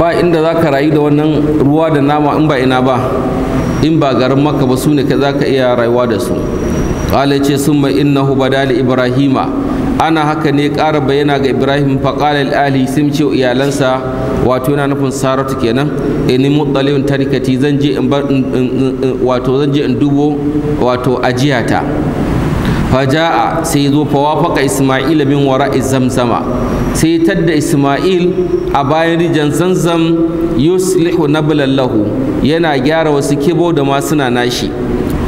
ba inda za ka rayu da wannan ruwa da nama in ba ina ba in ba garin maka ba su ne ka za ka iya rayuwa da su ƙala ce sun mai inna hu badali ibrahima ana haka ne ƙara bayyana ga ibrahim faƙalar ali sun ce iyalansa wato yana nufin saratu kenan ni mutsalin tarikati zan in wato zan je in dubo wato ajiyata faja'a sai zo fawafaka isma'ila min wara zamzama sai tadda isma'il a bayan rijan zamzam yuslihu nablallahu yana gyara wasu kibo da ma suna nashi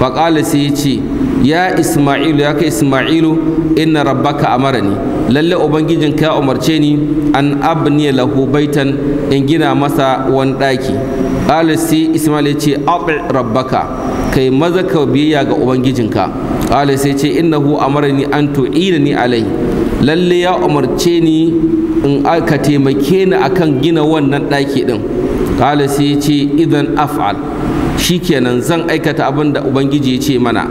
faƙala sai ya ce ya isma'ilu ya kai isma'ilu inna rabbaka amarani lalle ubangijin ka umarce ni an abniya lahu baitan in gina masa wani ɗaki ƙala sai isma'il ya ce rabbaka kai maza ka biyayya ga ubangijinka kala sai ce innahu amarani an ni alai lalle ya umarce ni in aka taimake ni akan gina wannan ɗaki ɗin kala sai ce idan af'al shi shikenan zan aikata abin da ubangiji ya ce mana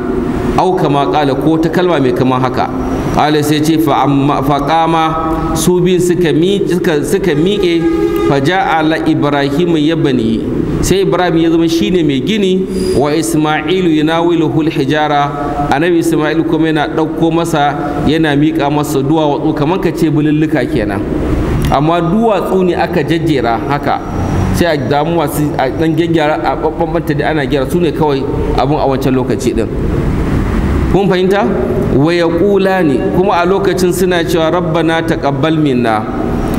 au kama kala ko ta kalma mai kaman haka kala sai ce fa kama su biyun suka miƙe faja'ala ja'ala ibrahim ya bani sai ibrahim ya zama shine mai gini wa isma'ilu yunawiluhu hijara annabi isma'ilu kuma yana ɗauko masa yana miƙa masa duwatsu kamar ka ce bululluka kenan amma duwatsu ne aka jajjera haka sai a damuwa su a ɗan gyaggyara a babbanta da ana gyara su ne kawai abin a wancan lokaci din kun fahimta wa ne kuma a lokacin suna cewa rabbana taqabbal minna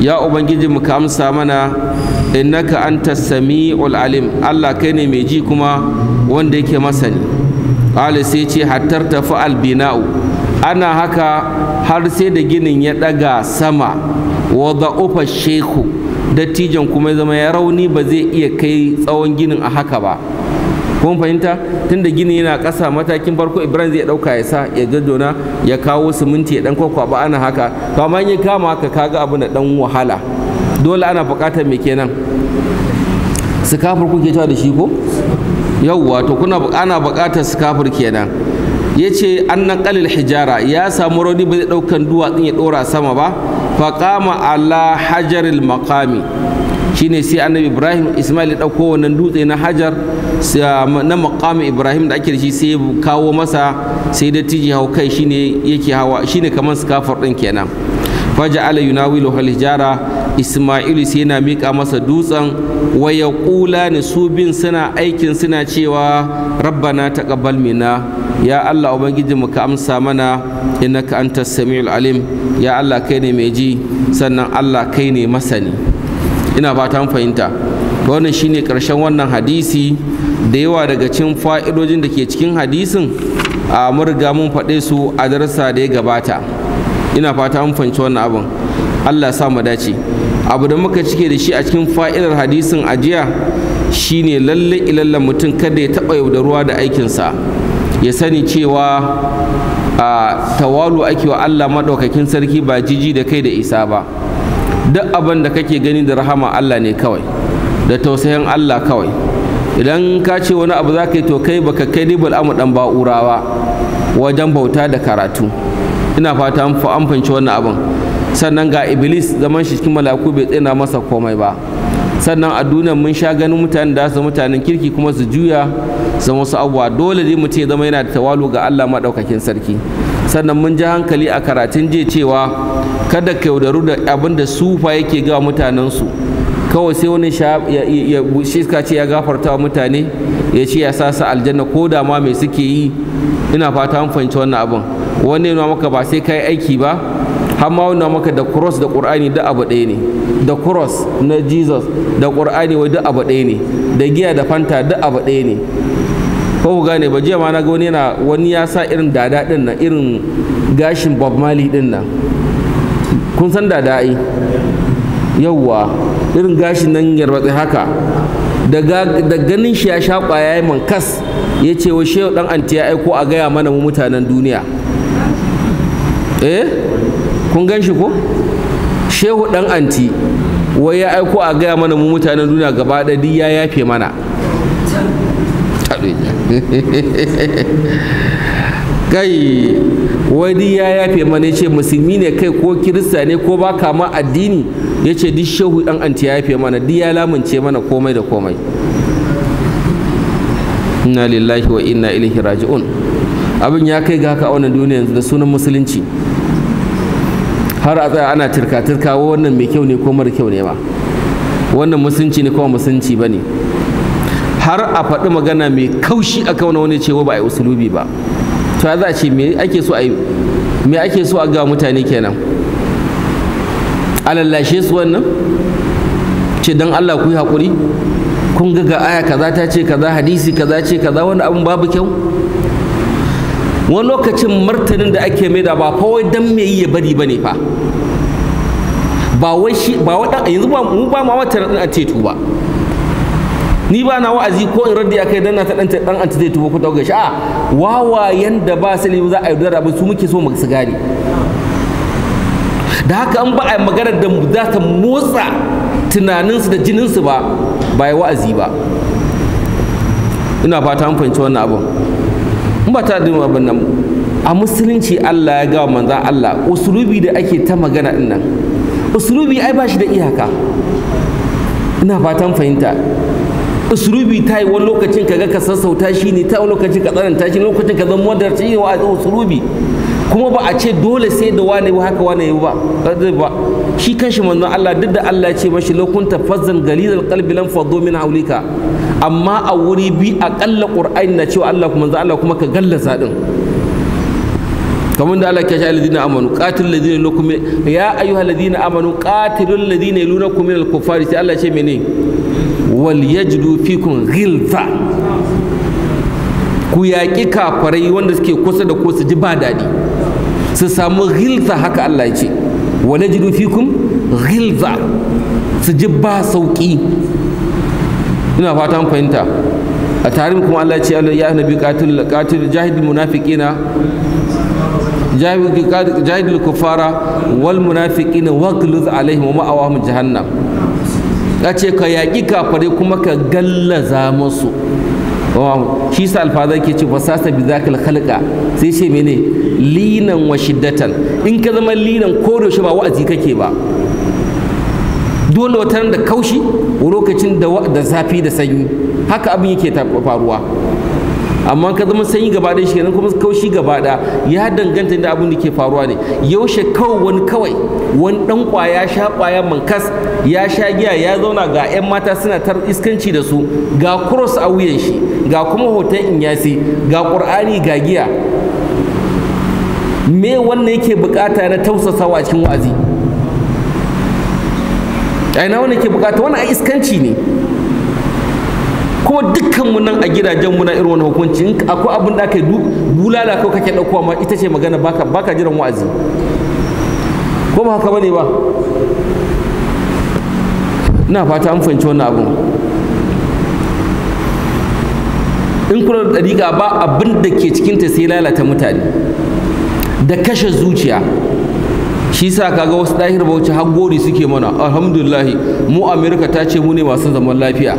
ya ubangiji mu ka amsa mana innaka anta sami'ul alim Allah kai ne mai ji kuma wanda yake masani qala sai ce hattar tafi albina'u ana haka har sai da ginin ya daga sama wa ufa shehu dattijan kuma zama ya rauni ba zai iya kai tsawon ginin a haka ba kun fahimta tunda gini yana ƙasa matakin farko ibrahim zai ɗauka ya sa ya daddona ya kawo siminti ya kwakwa. Ba ana haka to amma kama haka kaga abu na ɗan wahala dole ana buƙatar me kenan sikafir kuke cewa da shi ko yauwa to kuna ana buƙatar sikafir kenan ya ce an naƙalil hijara ya samu rauni ba zai ɗaukan duwatsun ya ɗora sama ba faƙama ala hajaril maƙami shine sai annabi ibrahim ismail ya ɗauko wannan dutse na hajar na makamin ibrahim da ake da shi sai kawo masa sai da tiji hau kai shine yake hawa shine kamar skafar ɗin kenan faja ala yunawilu halijara ismailu sai yana miƙa masa dutsen waya ƙula ne su bin suna aikin suna cewa rabbana taqabbal mina ya allah ubangiji mu ka amsa mana innaka antas samiul alim ya allah kai ne mai ji sannan allah kai ne masani ina ta fahimta wannan shine karshen wannan hadisi da yawa daga cikin fa'idojin da ke cikin hadisin a murga mun faɗe su a darasa da ya gabata ina fata an fahimci wannan abin Allah ya sa mu dace abu da muka cike da shi a cikin fa'idar hadisin ajiya shine lalle ilalla mutum kada ya taba yaudaruwa da aikinsa ya sani cewa a tawalu ake wa Allah madaukakin sarki ba jiji da kai da isa ba duk abin da kake gani da rahama Allah ne kawai da tausayin Allah kawai idan ka ce wani abu za ka yi to kai baka kai ribul amu dan ba'urawa wajen bauta da karatu ina fata an fahimci wannan abin sannan ga iblis zaman shi cikin malaku bai tsina masa komai ba sannan a duniyar mun sha ganin mutanen da su mutanen kirki kuma su juya su wasu abubuwa dole ne mutum ya zama yana da tawalu ga Allah maɗaukakin sarki sannan mun ji hankali a karatun je cewa kada ka yaudaru da abin da sufa yake ga mutanensu kawai sai wani ya shiska ce ya gafarta wa mutane ya ce ya sa su aljanna ko da ma mai suke yi ina fata an fahimci wannan abin wani yana maka ba sai ka yi aiki ba har ma wani maka da cross da qur'ani duk abu ɗaya ne da cross na jesus da qur'ani wai duk abu ɗaya ne da giya da fanta duk abu ɗaya ne ko ku gane ba jiya ma na ga wani yana wani ya sa irin dada ɗin nan irin gashin bob mali din nan kun san da da'i yauwa irin gashin nan yarbatsi haka da ganin shi ya sha kwaya ya mankas ya ce wa shehu dan anti ya aiko a gaya mana mu mutanen duniya eh kun gan shi ko shehu dan anti wai ya aiko a gaya mana mu mutanen duniya gaba da ɗaya ya yafe mana kai wani ya yafe mana ya ce musulmi ne kai ko kirista ne ko ba kama addini ya ce duk shehu ɗan anti ya yafe mana duk ya lamunce mana komai da komai inna lillahi wa inna ilaihi raji'un abin ya kai ga haka a wannan duniya yanzu da sunan musulunci har a tsaya ana turka-turka wannan mai kyau ne ko mara kyau ne ba wannan musulunci ne kuma musulunci ba ne har a faɗi magana mai kaushi a kauna wani cewa ba a yi usulubi ba to za a ce me ake so a me ake so a ga mutane kenan alallashe su wannan ce don Allah ku yi haƙuri kun ga ga aya kaza ta ce kaza hadisi kaza ce kaza wani abin babu kyau wani lokacin martanin da ake maida ba fa don dan me yi ya bari fa ba wai shi ba wadan yanzu ba mu ba ma wata a tetu ba ni ba na wa'azi ko in raddi akai dan na ta dan dan anti zai tubo ku dauke shi a wawayen da ba sai za a yi rabu su muke so mu su gane da haka an ba a maganar da za ta motsa tunaninsu da jininsu ba ba ya wa'azi ba ina fata an fahimci wannan abin in ba ta dima abin nan a musulunci Allah ya gawa manzan Allah usulubi da ake ta magana din nan usulubi ai ba shi da iyaka ina fatan fahimta usulubi ta yi wani lokacin ka ga ka sassauta shi ne ta wani lokacin ka tsananta shi lokacin ka zama wadar shi wa usulubi kuma ba a ce dole sai da wane ba haka wane yi ba ba shi kanshi manzon Allah duk da Allah ya ce mashi lokunta fazzan galilal qalbi lan faddu min haulika amma a wuri bi a kalla qur'ani na cewa Allah kuma manzon Allah kuma ka gallasa din kamar da Allah ya ce alladina amanu qatil ladina lakum ya ayyuhal ladina amanu qatilul ladina yalunakum min al-kuffari sai Allah ce menene wal yajdu fikum ghilza ku yaƙi kafarai wanda suke kusa da ku su ji ba daɗi su samu ghilza haka Allah ya ce wa najdu fikum ghilza su ji ba sauƙi ina fatan fahimta a tarin kuma Allah ce Allah ya nabi qatil qatil jahidul munafiqina jahidul kufara wal munafiqina waqluz alaihim wa ma'awahum jahannam ya ce ka yaƙi kafare kuma ka gallaza musu shi sa alfazar ke ce fasasa bi za ka halka sai ce mene linan wa shiddatan in ka zama linan ko da ba wa'azi kake ba dole wata da kaushi lokacin da zafi da sanyi haka abin yake faruwa amma ka zama sanyi gaba ɗaya shi kenan kuma kaushi gaba ɗaya ya danganta da abin da ke faruwa ne yaushe kawai wani kawai wani ɗan ya sha ƙwaya mankas ya sha giya ya zauna ga 'yan mata suna tar iskanci da su ga cross a wuyan shi ga kuma hoton yasi ga ƙur'ani ga giya me wannan yake bukata na tausasawa a cikin wa'azi a ina wannan yake bukata wannan a iskanci ne kuma dukkanmu nan a gidajen mu na irin wani hukunci akwai abin da aka yi bulala ko kake ɗaukowa ma ita ce magana baka baka jiran wa'azi ko ba haka bane ba ina fata an fahimci wannan abin in kula da ɗariƙa ba abin da ke cikinta sai lalata mutane da kashe zuciya shi sa kaga wasu ɗahir bauchi har gori suke mana alhamdulillah mu amerika ta ce mu ne masu zaman lafiya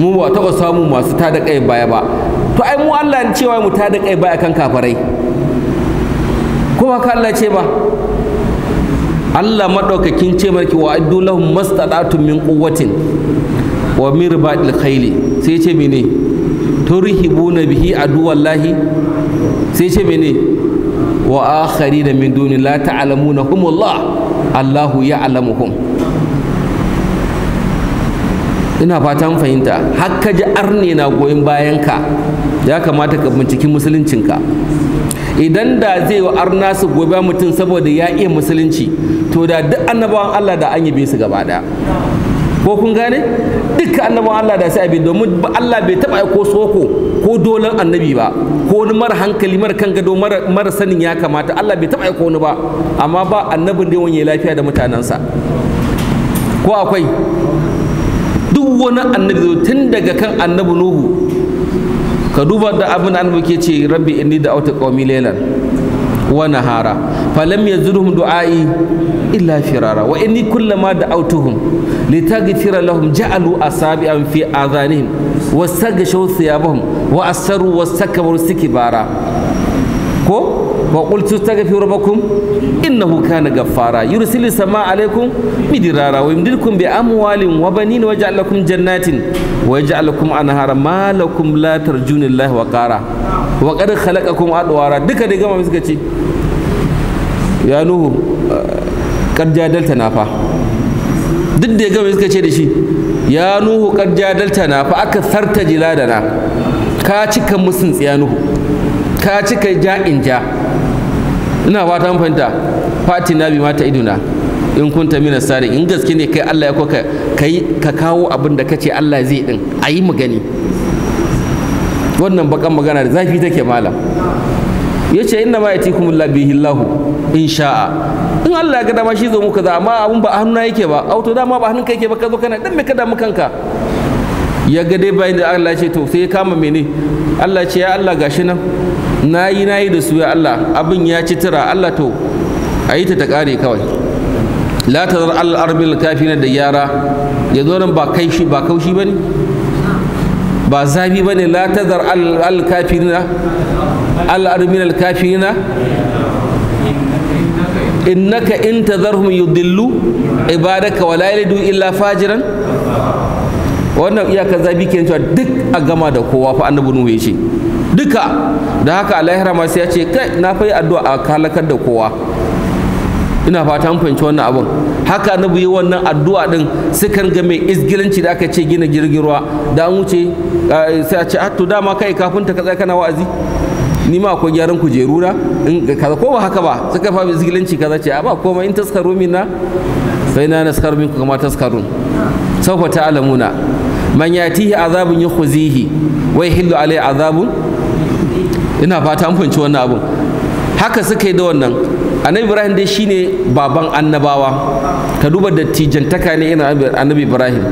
mu ba taɓa samu masu tada kai baya ba to ai mu Allah ne cewa mu tada kai baya kan kafarai ko ba ka Allah ce ba Allah madaukakin ce maki wa addu lahum mastadatun min quwwatin wa min khayli sai ce mene turhibuna bihi wallahi sai ce mene wa da min duni la ta'lamuna humullah Allahu ya'lamuhum ina fatan fahimta har ka ji arne na goyon ka ya kamata ka binciki musuluncin ka idan da zai wa arna su gobe mutum saboda ya iya musulunci to da duk annabawan Allah da an yabe su gaba ko kun gane duk annabawan Allah da sai abi domin Allah bai taba ko soko ko dolan annabi ba ko wani mara hankali mara kan gado mara sanin ya kamata Allah bai taba ko wani ba amma ba annabin da yawan lafiya da mutanensa ko akwai duk wani annabi tun daga kan annabi nuhu ka duba da abin annabi ke ce rabbi inni da auta qaumi laylan wa nahara falam yazurhum du'ai illa firara wa inni kullama da'awtuhum litaghfira lahum ja'alu asabi'an fi adhanihim wastaghshaw thiyabahum wa asaru wastakbaru istikbara ko wa qultu astaghfiru rabbakum innahu kana gaffara yursilu sama alaikum midirara wa yumdidukum bi amwalin wa banin wa yaj'al lakum jannatin wa yaj'al lakum anhara ma lakum la tarjuna Allah wa qara wa qad khalaqakum adwara duka da gama suka ce ya nuhu kad jadalta na fa duk da gama suka ce da shi ya nuhu kad jadalta na fa aka sarta jiladana ka cika musun tsiyanu ka cika ja'in ja ina mun fahimta fatina bi mata iduna in kunta mina sari in gaske ne kai Allah ya koka kai ka kawo abin da kace Allah zai din ayi mu gani wannan bakan magana da zafi take malam yace inna ma yatikum bihi Allah in sha'a in Allah ya ga dama shi zo muka za amma abun ba hannu yake ba auto dama ba hannun kai yake ba ka zo kana dan me ka damu kanka ya ga dai bayan da Allah ya ce to sai ya kama mene Allah ce ya Allah gashi nan nayi nayi da su ya Allah abin ya ci tura Allah to a yi ta ta ƙare kawai la ta zar al'arbil na da yara ya zo nan ba kai shi ba kaushi ba ne ba zafi ba ne la ta zar al'alkafirina al'armin alkafirina innaka in tazarhum yudillu ibadaka wala yalidu illa fajiran wannan iyakar zabi ke cewa duk a gama da kowa fa annabi nuhu ya ce duka da haka a lahira ma sai ya ce kai na fa yi addu'a a kalakar da kowa ina fata an fahimci wannan abun haka annabi yi wannan addu'a din sukan ga mai izgilanci da aka ce gina jirgin ruwa da an wuce sai a ce a ah, to dama kai kafin ta kaza kana wa'azi ni ma akwai gyaran kujeru na in kaza ko ba haka ba suka fa izgilanci kaza ce a ah, ba komai in taskaro na fa ina naskaru minku kama taskarun ta alamuna man yatihi azabun yukhzihi wa yahillu alai azabun ina fata an fahimci wannan abun haka suka yi da wannan annabi ibrahim dai shine baban annabawa ka duba dattijantaka ne yana annabi ibrahim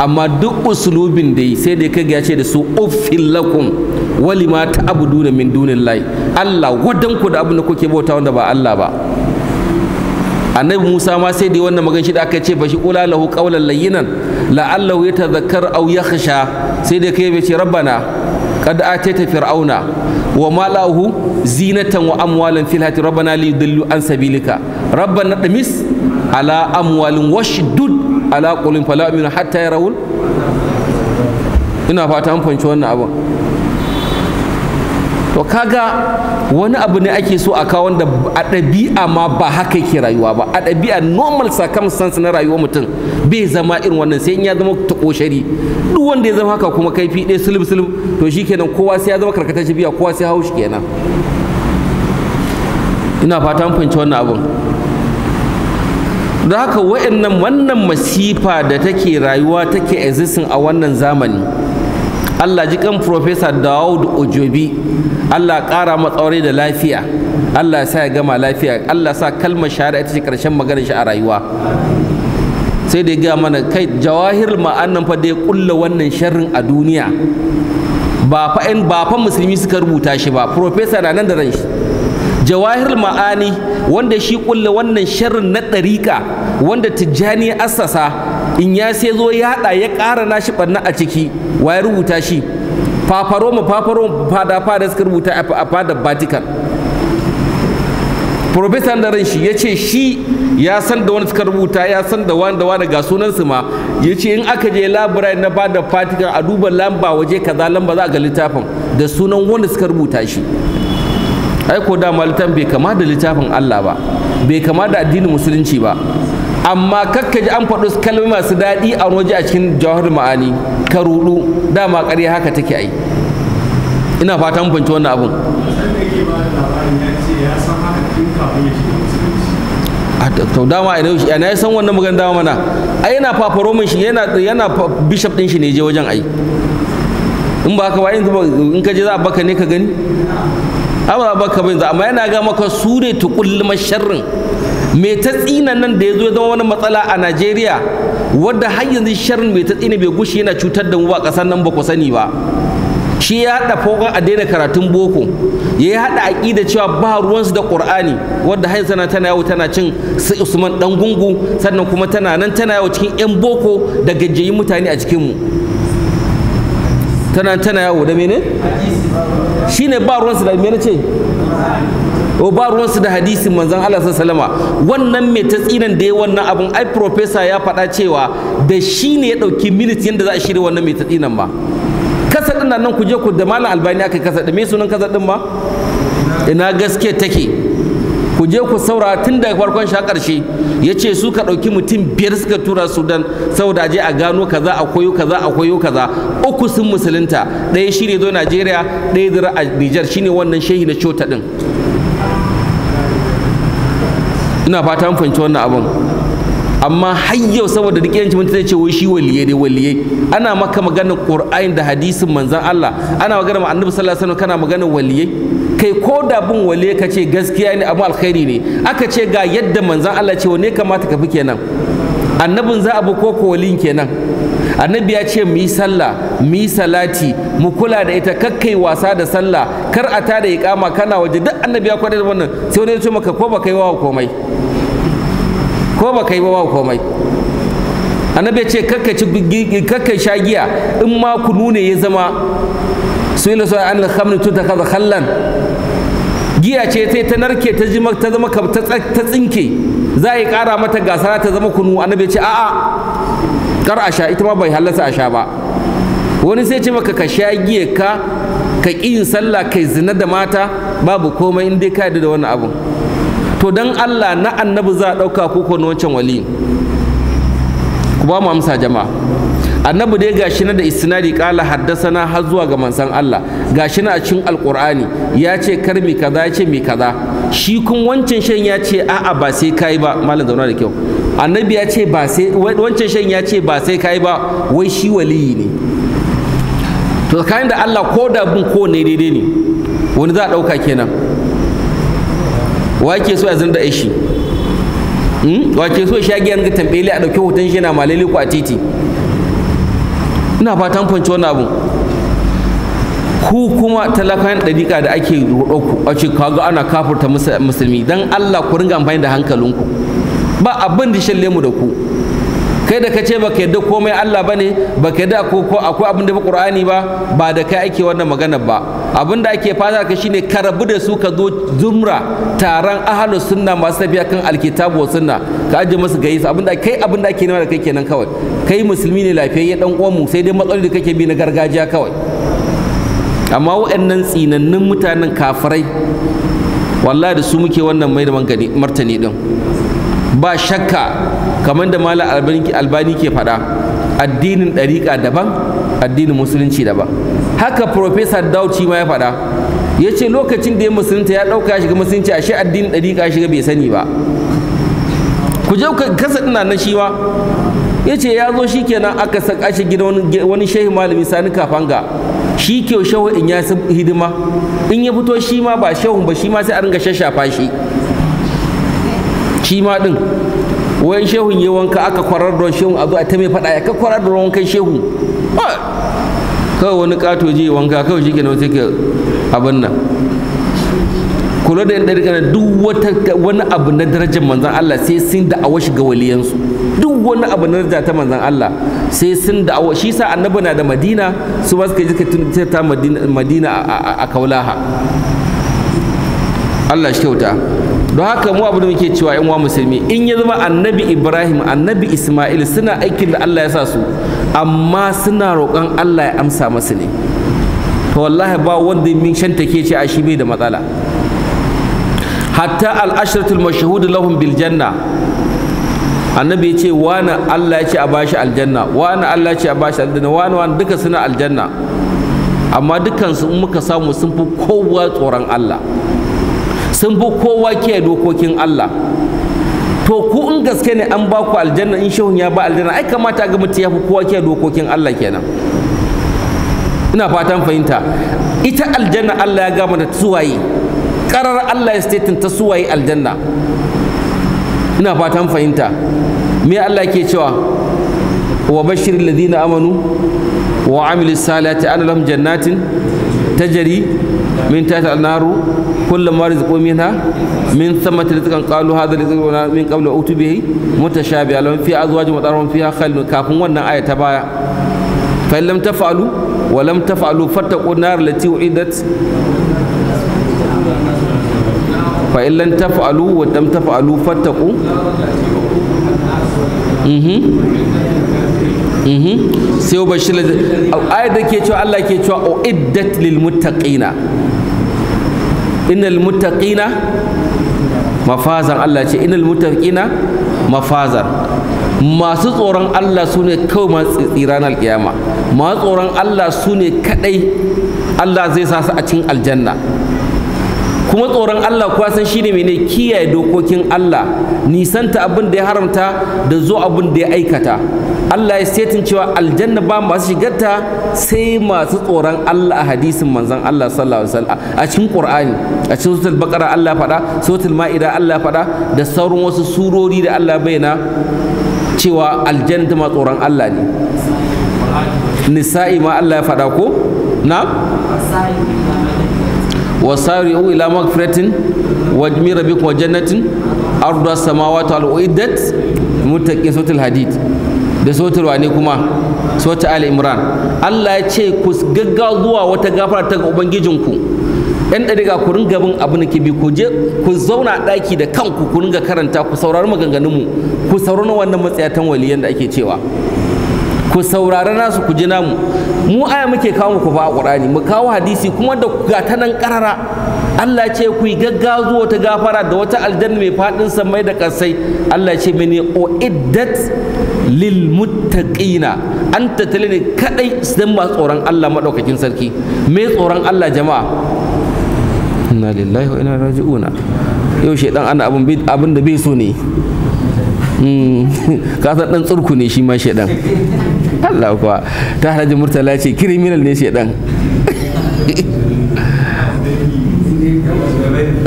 amma duk usulubin dai sai da kaga ya ce da su uffin lakum wali ma ta'buduna min dunillahi Allah wadan ku da abin da kuke bauta wanda ba Allah ba annabi Musa ma sai dai wannan magan shi da aka ce fa shi qula lahu qawlan layyinan la'allahu yatadhakkar aw yakhsha sai da kai ya ce rabbana qad atayta fir'auna wa malahu zinatan wa amwalan fil hati rabbana li yudillu an sabilika rabbana damis ala amwalin washdud ala qulin fala aminu hatta yarawul ina fata an fanci wannan abin to kaga wani abu ne ake so a kawo wanda a ɗabi'a ma ba haka yake rayuwa ba a ɗabi'a normal circumstance na rayuwar mutum bai zama irin wannan sai in ya zama takoshari duk wanda ya zama haka kuma kaifi ɗaya sulub sulub to shi kenan kowa sai ya zama karkatar biya kowa sai haushi kenan ina fata mun fahimci wannan abun da haka wa'annan wannan masifa da take rayuwa take existing a wannan zamani Allah ji kan Profesa Dawud Ojobi Allah ƙara matsaure da lafiya Allah sa ya gama lafiya Allah sa kalmar shari'a ita ce ƙarshen maganar shi a rayuwa sai da ya ga mana kai jawahir ma'annan fa da ya kulla wannan sharrin a duniya ba fa ba fa musulmi suka rubuta shi ba Profesa na nan da ran shi jawahir ma'ani wanda shi kulla wannan sharrin na ɗarika wanda tijjani assasa in ya sai zo ya hada ya ƙara nashi ɓarna a ciki wa ya rubuta shi fafaroma fafaroma fada fada suka rubuta a fada vatican profesan da shi ya ce shi ya san da wani suka rubuta ya san da wani da wani ga sunansu ma ya ce in aka je labirai na fada fatikan a duba lamba waje kaza lamba za ga littafin da sunan wanda suka rubuta shi ai ko da malitan bai kama da littafin Allah ba bai kama da addinin musulunci ba amma kakka ji an faɗo kalmomi masu daɗi a waje a cikin jawahar ma'ani ka rudu dama ƙarya haka take ai ina fata mun fahimci wannan abun to dama ina shi ina san wannan magana dama mana ai yana fafaro min shi yana yana bishop din shi ne je wajen ai in ba ka ba in ka je za a baka ne ka gani amma ba baka bai amma yana ga maka su ne tukullu sharrin mai ta tsina nan da ya zo ya zama wani matsala a najeriya wadda har yanzu sharin mai ta tsina bai gushi yana cutar da mu ba ƙasar nan ba ku sani ba shi ya haɗa fokon a daina karatun boko ya yi haɗa aƙida cewa ba ruwansu da ƙur'ani wadda hanyar sana tana yawo tana cin su usman ɗan gungu sannan kuma tana nan tana yawo cikin 'yan boko da gajiyayyun mutane a cikinmu tana tana yawo da mene shine ba ruwansu da mene ce ko oh, ba ruwansu da hadisin manzan Allah salama wannan mai tatsinan da ya wannan abun ai professor ya fada cewa da shi ne ya ɗauki minit yadda za a shirya wannan mai tatsinan ma kasa ɗin nan ku je ku da malam albani aka kasa ɗin me sunan kasa ɗin ma ina gaske take ku je ku saura tun da farkon sha ƙarshe ya ce su ka ɗauki mutum biyar suka tura sudan saboda je a gano kaza a koyo kaza a koyo kaza uku sun musulunta ɗaya shi ne zo najeriya ɗaya zira a nijar shine wannan shehi na cota din. ina fata mun fahimci wannan abun amma har yau saboda duk yanci mutum ce wai shi waliye dai waliye ana maka magana qur'ani da hadisin manzon Allah ana magana ma annabi sallallahu alaihi wasallam kana magana waliye kai ko da bin waliye ka ce gaskiya ne amma alkhairi ne aka ce ga yadda manzon Allah ce wane kamata ka fi kenan annabin za a bi ko ko walin kenan annabi ya ce mu yi sallah mu yi salati mu kula da ita kakkai wasa da sallah kar a tada iqama kana waje duk annabi ya kwada wannan sai wani ya ce maka ko baka yi wa komai ko baka yi wa komai annabi ya ce kakka sha giya in ma kunu ne ya zama su yi lasuwa an lakhamni tun ta kaza khallan giya ce sai ta narke ta ji ta zama ta tsinke za a yi kara mata gasara ta zama kunu annabi ya ce a'a kar a sha ita ma bai halatta a sha ba wani sai ce maka ka sha giya ka ka ƙi yin sallah kai zina da mata babu komai in dai ka yarda da wannan abu to dan Allah na annabi za a ɗauka ko ko wancan wali ku ba mu amsa jama'a annabi dai gashi na da istinadi kala haddasana har zuwa ga mansan Allah gashi na a cikin alqur'ani ya ce kar mi kaza ya ce mi kaza shi kun wancan shan ya ce a'a ba sai kai ba malam zauna da kyau annabi ya ce ba sai wancan shan ya ce ba sai kai ba wai shi waliyi ne to tsakanin da Allah ko da bin ko ne daidai ne wani za a ɗauka kenan wa ke so ya da aishi hmm? wa ke so shagi an ga tambele a ɗauki hoton shi na malali ko a titi ina fatan fanci wannan abu ku kuma talakan ɗariƙa da ake roƙo a ce kaga ana kafurta musulmi dan Allah ku ringa amfani da hankalinku ba abin da shalle mu da ku kai da kace ce baka yadda komai Allah bane baka yadda ko ko akwai abin da ba Qur'ani ba ba da kai ake wannan magana ba abin da ake fata ka shine ka rabu da su ka zo zumra taron ahlus sunna masu tafiya kan alkitabu wa sunna ka aje musu gaisa abin da kai abin da ake nema da kai kenan kawai kai musulmi ne lafiyayye dan uwan mu sai dai matsaloli da kake bi na gargajiya kawai amma waɗannan tsinannun mutanen kafirai wallahi da su muke wannan mai da martani din ba shakka kamar da malam albani ke faɗa addinin ɗariƙa daban addinin musulunci daban haka profesa dauci ma ya faɗa ya ce lokacin da ya musulunta ya ɗauka ya shiga musulunci shi addinin ɗariƙa ya shiga bai sani ba ku je kasa ina na shi ba ya ce ya zo shi kenan aka saka shi gida wani shehu malami sani kafanga shi kyau shehu in ya hidima in ya fito shi ma ba shahu ba shi ma sai a ringa shashafa shi shi ma din wayan shehun yi wanka aka kwarar da shehun abu a ta mai faɗa ya ka kwarar da wankan shehun kawai wani kato je wanka kawai shi kenan sai ka abin nan kula da yadda rikana duk wani abu na darajar manzan Allah sai sun awa shiga waliyansu duk wani abu na darajar ta manzan Allah sai sun awa shi sa annabi na da madina su ba su kai suka ta madina a kaulaha Allah shi kyauta don haka mu abu da muke cewa yan uwa musulmi in ya zama annabi ibrahim annabi isma'il suna aikin da allah ya sa su amma suna roƙon allah ya amsa masu ne to wallahi ba wanda min shanta ke ce a shi bai da matsala hatta al'ashratul mashhud lahum bil janna annabi ya ce wani allah ya ce a bashi aljanna wani allah ya ce a bashi aljanna wani wani duka suna aljanna amma dukansu in muka samu sun fi kowa tsoron allah sun fi kowa kiyaye dokokin Allah to ku in gaske ne an ba ku aljanna in shehun ya ba aljanna ai kamata ga mutum ya fi kowa kiyaye dokokin Allah kenan ina fatan fahimta ita aljanna Allah ya gama da suwaye karar Allah ya statin ta suwaye aljanna ina fatan fahimta me Allah ke cewa wa bashir ladina amanu wa amilu salati an lahum jannatin tajari min tahti alnaru Mhm. sai bashir ayat da ke cewa Allah ke cewa iddat lil muttaqina innal muttaqina mafazan Allah ce innal muttaqina mafazan masu tsoron Allah sune ne kawai masu tsiran alkiyama masu tsoron Allah sune ne kadai Allah zai sa su a cikin aljanna kuma tsoron Allah kuwa san shine mene kiyaye dokokin Allah nisanta abin da ya haramta da zo abin da ya aikata Allah ya setin cewa aljanna ba masu shigarta sai masu tsoron Allah a hadisin manzon Allah sallallahu alaihi wasallam a cikin Qur'ani a cikin suratul Baqara Allah ya faɗa suratul Ma'ida Allah ya faɗa da sauran wasu surori da Allah bayyana cewa aljanna ma tsoron Allah ne nisa'i ma Allah ya faɗa ko na wasari'u ila magfiratin wajmi rabbikum wa jannatin ardu as-samawati wal uiddat da suratul wani kuma suratul ali imran Allah ya ce ku gaggawa zuwa wata gafara ta ubangijinku yan ɗariga ku ringa bin abin da ke bi ku je ku zauna ɗaki da kanku ku ringa karanta ku saurari maganganunmu ku saurari wannan matsayatan waliyan da ake cewa ku saurari nasu ku ji namu mu aya muke kawo muku fa qur'ani mu kawo hadisi kuma da ga ta nan karara Allah ce ku yi gaggazuwa ta gafara da wata aljanna mai fadin samai da kasai Allah ce mene uiddat lil muttaqina anta talini kadai sun ba tsoron Allah madaukakin sarki me tsoron Allah jama'a inna lillahi wa inna ilaihi raji'un yau shedan ana abin abin da bai so ne hmm. ka san dan tsurku ne shi ma shedan Allah kuwa ta haraji murtala ce criminal ne shedan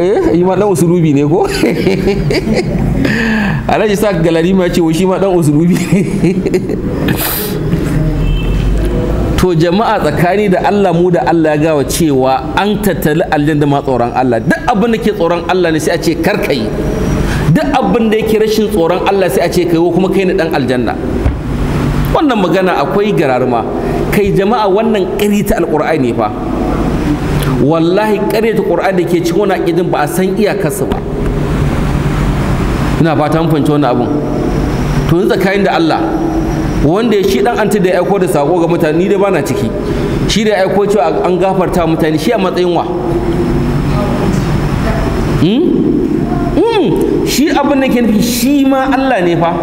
eh yi ma dan usulubi ne ko alhaji sa galari ma ce shi ma dan usulubi to jama'a tsakani da Allah mu da Allah ya gawa cewa an tattali aljanna ma tsoron Allah duk abin da ke tsoron Allah ne sai a ce karkai duk abin da yake rashin tsoron Allah sai a ce kai kuma kai ne dan aljanna wannan magana akwai gararma kai jama'a wannan ƙari ta alƙur'ani fa wallahi ƙari ta ƙur'ani da ke cikin wani aƙidin ba a san iyakarsa ba ina fata mun fahimci wannan abun to yanzu tsakanin da Allah wanda ya shi dan anti da ya aiko da sako ga mutane ni dai bana ciki shi da ya aiko cewa an gafarta mutane shi a matsayin wa hmm? Hmm. shi abin da ke nufi shi ma Allah ne fa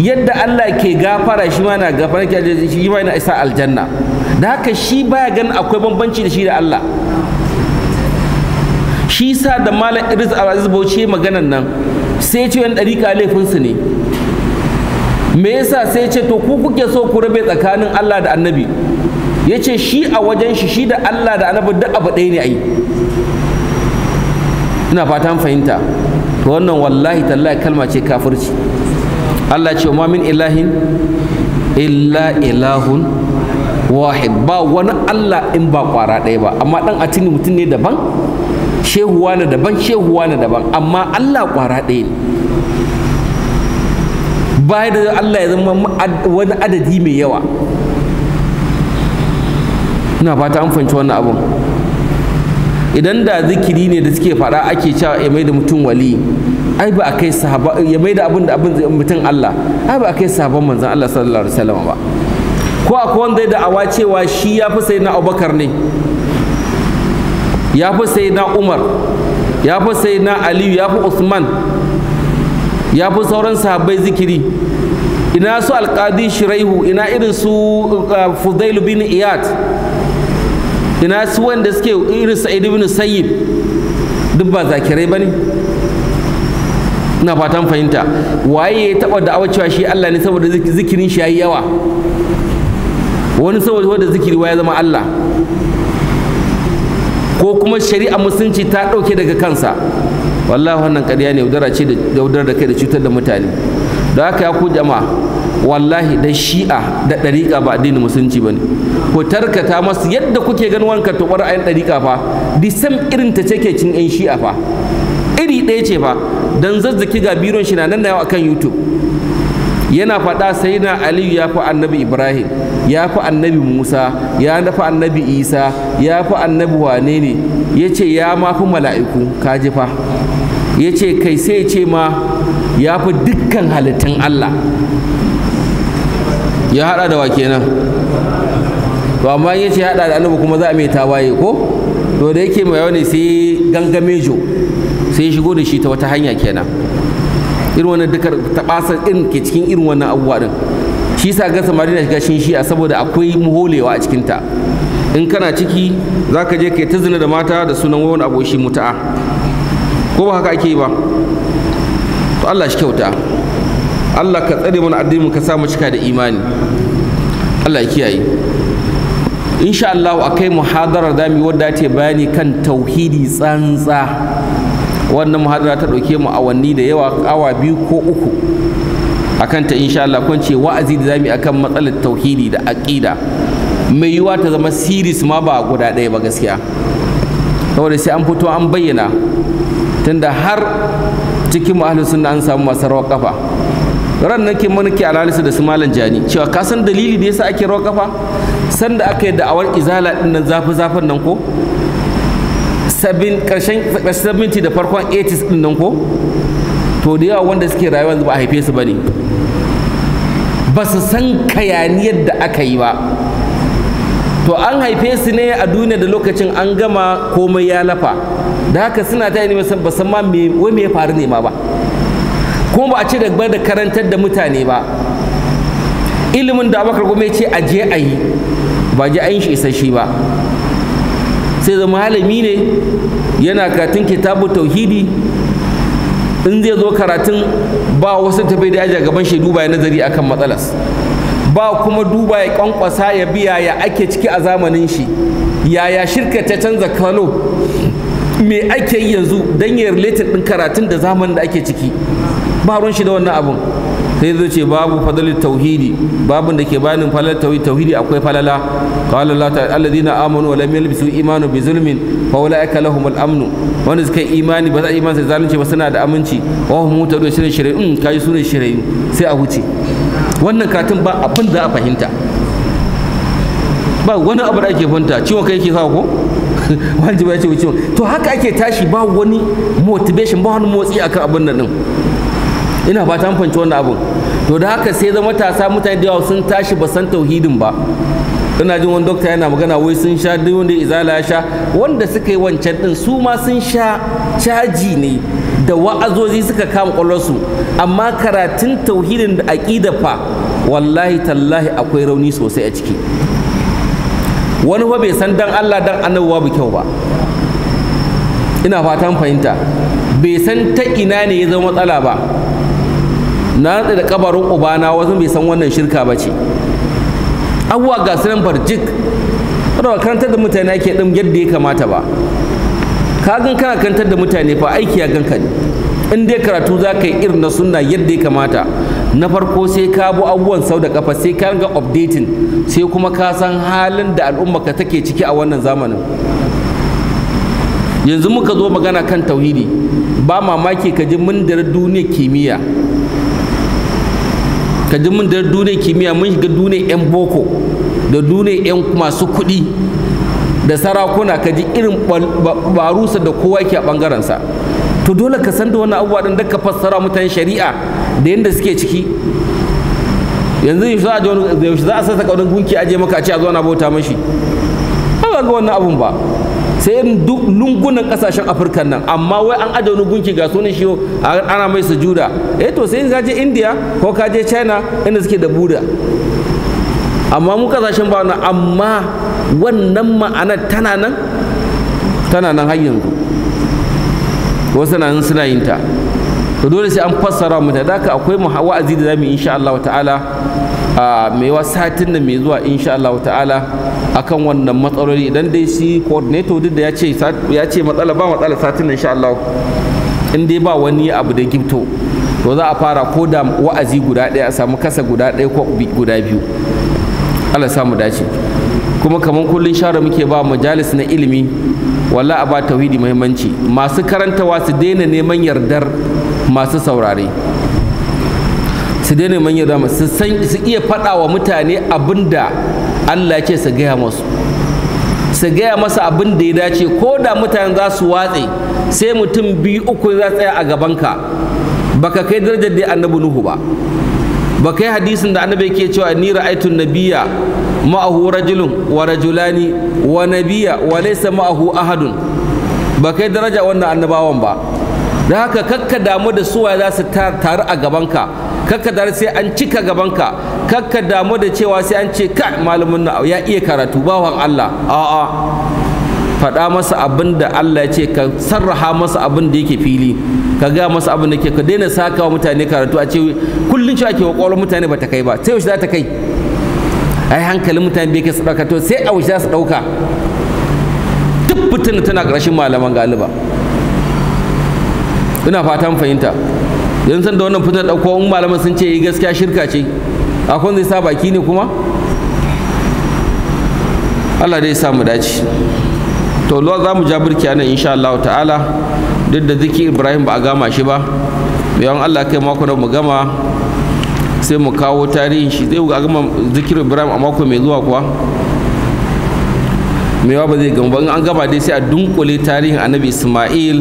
yadda Allah ke gafara shi ma na gafara shi ma na isa aljanna da haka shi baya gani akwai bambanci da shi da Allah shi sa da malam Idris Abdulaziz Bauchi maganan nan sai ce yan dariƙa laifinsu ne me yasa sai ce to ku kuke so ku rabe tsakanin Allah da Annabi yace shi a wajen shi shi da Allah da Annabi duk abu ɗaya ne ai ina fatan fahimta to wannan wallahi tallahi kalma ce kafirci Allah ce ma min ilahin illa ilahun wahid ba wani Allah in ba kwara ɗaya ba amma dan tuni mutum ne daban shehuwa na daban shehuwa na daban amma Allah kwara ɗaya ne baya da Allah ya zama wani adadi mai yawa ina fata an fahimci wannan abun idan da zikiri ne da suke faɗa ake cewa ya mai da mutum wali ai ba a kai sahaba ya mai da abin da abin mutum Allah ai ba a kai sahaban manzon Allah sallallahu alaihi wasallam ba ko akwai wanda da awa cewa shi ya fi sai na Abubakar ne ya fi sai na Umar ya fi sai na Aliyu ya fi Usman ya fi sauran sahabbai zikiri ina su alƙadi shiraihu ina irin su uh, fudailu bin iyad ina su wanda suke irin sa'id bin Sayyid duk ba zakirai ba ne ina fatan fahimta waye ya taba da'awa cewa shi Allah ne saboda zikirin shi yayi yawa wani saboda wanda zikiri ya zama Allah ko kuma shari'a musulunci ta dauke daga kansa wallahi wannan ƙarya ne yaudara ce da udara da kai da cutar da mutane da haka ya ku jama'a wallahi da shi'a da ɗariƙa ba addinin musulunci ba ne ku tarkata masu yadda kuke ganin wanka tuɓar ayin ɗariƙa fa disam irin ta ce ke cin 'yan shi'a fa ɗaya ce fa don zazzaki ga biron shi na nan da yawa akan YouTube yana faɗa sai na aliyu ya fi annabi ibrahim ya fi annabi musa ya fi annabi isa ya fi annabi wane ne ya ce ya ma fi mala'iku kaji fa ya ce kai sai ce ma ya fi dukkan halittun allah ya haɗa da wa kenan to amma ya ce haɗa da annabi kuma za a mai tawaye ko to da yake mai ne sai gangamejo sai ya shigo da shi ta wata hanya kenan irin wannan duka tabasa irin ke cikin irin wannan abubuwa din shi sa ga samari na shiga shin a saboda akwai muholewa a cikin ta in kana ciki za ka je kai ta zina da mata da sunan wani aboshi muta'a ko ba haka ake yi ba to Allah shi kyauta Allah ka tsare mana addinin ka samu cika da imani Allah ya kiyaye insha Allah akai muhadarar mi wadda ta bayani kan tauhidi tsantsa wannan muhadara ta ɗauke mu awanni da yawa awa biyu ko uku akan ta insha Allah kun ce wa'azi da zamu akan matsalar tauhidi da aqida mai yiwa ta zama series ma ba guda ɗaya ba gaskiya saboda sai an fito an bayyana tunda har cikin mu ahlus sunna an samu masu rawar kafa ran nake manake alalisu da su malam jani cewa ka san dalili da yasa ake rawar kafa da aka yi da'awar izala din nan zafi zafin nan ko sabin 70 da farkon 80s din nan ko to da yawa wanda suke rayuwa ba a haife su bane ba su san kayaniyar da aka yi ba to an haife su ne a duniya da lokacin an gama komai ya lafa da haka suna ta yi ba san ma me ya faru ne ma ba kuma ba a ce da da karantar da mutane ba ilimin da abakar gome ce a je a yi ba je a yi shi isasshe ba sai zama malami ne yana karatun kitabu tauhidi in zai zo karatun ba wasu tafi da aji gaban shi duba ya nazari akan matsalas ba kuma duba ya kwankwasa ya biya ya ake ciki a zamanin shi yaya shirka ta canza kano me ake yi yanzu don ya related din karatun da zamanin da ake ciki ba ruwan shi da wannan abun sai zai ce babu fadalin tauhidi babun da ke bayanin falalar tauhidi tauhidi akwai falala qala allah ta'ala alladhina amanu wa lam yalbisu imanu bi zulmin fa ulaika lahum al-amnu wanda suka imani ba za imani sai zalunci ba suna da aminci wa hum mutadu shirin mm, shirin in kaji sunan shirin sai a huce wannan katin ba abin da a fahimta ba wani abu da ake fahimta ciwon kai yake kawo ko wajibi ya ce ciwon to haka ake tashi ba wani motivation ba wani motsi akan abin nan din ina ba tan fanci wannan abun to da haka sai zama matasa mutane da yawa sun tashi ba san tauhidin ba ina jin wani dokta yana magana wai sun sha duk wanda izala ya sha wanda suka yi wancan din su ma sun sha caji ne da wa'azozi suka kama kwallonsu amma karatun tauhidin da aqida fa wallahi tallahi akwai rauni sosai a ciki wani fa bai san dan Allah dan annabawa ba kyau ba ina fatan fahimta bai san ta ina ne ya zama matsala ba na da kabarin ubana wasu bai san wannan shirka ba ce abubuwa ga sunan farjik ba kantar da mutane ake ɗin yadda ya kamata ba ka gan kana kantar da mutane fa aiki ya ganka ne in dai karatu za ka yi irin na sunna yadda ya kamata na farko sai ka bu abubuwan sau da kafa sai ka ga updating sai kuma ka san halin da al'ummarka take ciki a wannan zamanin yanzu muka zo magana kan tauhidi ba mamaki ka ji mun duniya kimiyya ka ji mun da duniyar kimiyya mun shiga duniyar 'yan boko da duniyar 'yan masu kuɗi da sarakuna ka ji irin barusa da kowa yake a ɓangarensa to dole ka san da wannan abubuwa ɗin da ka fassara mutane shari'a da yadda suke ciki yanzu yaushe za a sassa ƙaunar gunki aje maka a ce a zo na bauta mashi ba ga wannan abun ba sai duk lungunan kasashen afirka nan amma wai an aje wani gunki ga sunan shi ana mai sujuda eh to sai ka zaje india ko kaje china inda suke da buda amma mu kasashen ba wannan amma wannan ma'anar tana nan tana nan har yanzu wasu nan suna yin ta to dole sai an fassara mu da haka akwai wa'azi da zamu insha Allah ta'ala a maiwa satin da mai zuwa insha Allah ta'ala akan wannan matsaloli idan dai shi coordinator duk da ya ce matsala ba matsala satin da insha Allah in dai ba wani abu da gifto to za a fara ko da wa'azi guda ɗaya a samu kasa guda ɗaya ko guda biyu Allah samu dace kuma kamar kullun share muke ba majalis na ilimi walla a ba tauhidi muhimmanci masu karantawa su daina neman yardar masu saurare su daina manyan zama su san su iya faɗa wa mutane abin da Allah ya ce su gaya masu su gaya masa abin da ya dace ko da mutane za su watse sai mutum biyu uku za su tsaya a gabanka baka kai darajar da annabi nuhu ba ba kai hadisin da annabi yake cewa ni ra'aytu nabiyya ma'ahu rajulun wa rajulani wa nabiyya wa laysa ma'ahu ahadun ba kai daraja wannan annabawan ba da haka kakka damu da suwa za su taru a gaban ka. kakka dar sai an cika gabanka kakka damu da cewa sai an ce ka malamin na ya iya karatu bawan Allah a'a faɗa masa abin da Allah ya ce ka sarraha masa abin da yake fili ka ga masa abin da ke ka daina saka wa mutane karatu a ce kullum shi ke kwakwalwar mutane ba ta kai ba sai yaushe za ta kai ai hankalin mutane bai kai su ɗauka to sai a za su ɗauka duk fitina tana ƙarshen malaman galiba ina fatan fahimta yanzu san da wannan fitar ɗauko in malaman sun ce yi gaskiya shirka ce akwai zai sa baki ne kuma Allah dai sa mu dace to lo za mu ja birki nan insha Allah ta'ala duk da ziki Ibrahim ba a gama shi ba bayan Allah kai mako da mu gama sai mu kawo tarihin shi zai gama zikir Ibrahim a mako mai zuwa kuwa mewa ba zai gamu ba in an gaba dai sai a dunkule tarihin annabi isma'il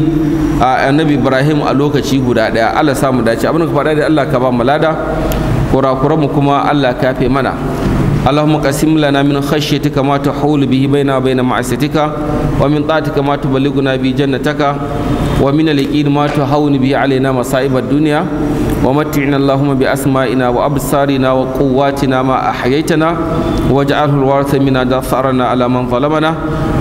a annabi ibrahim a lokaci guda daya allah sa mu dace abin ka faɗa da allah ka ba mu lada kurakuran mu kuma allah ka fe mana اللهم قسم لنا من خشيتك ما تحول به بيننا وبين معصيتك ومن طاعتك ما تبلغنا به جنتك ومن اليقين ما تهون به علينا مصائب الدنيا ومتعنا اللهم بأسمائنا وأبصارنا وقواتنا ما أحييتنا واجعله الوارث منا دثارنا على من ظلمنا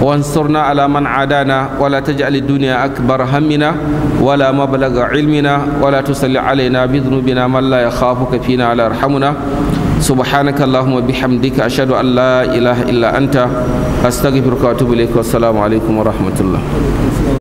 وانصرنا على من عادانا ولا تجعل الدنيا أكبر همنا ولا مبلغ علمنا ولا تسل علينا بذنوبنا من لا يخافك فينا ولا يرحمنا سبحانك اللهم وبحمدك أشهد أن لا إله إلا أنت أستغفرك وأتوب إليك والسلام عليكم ورحمة الله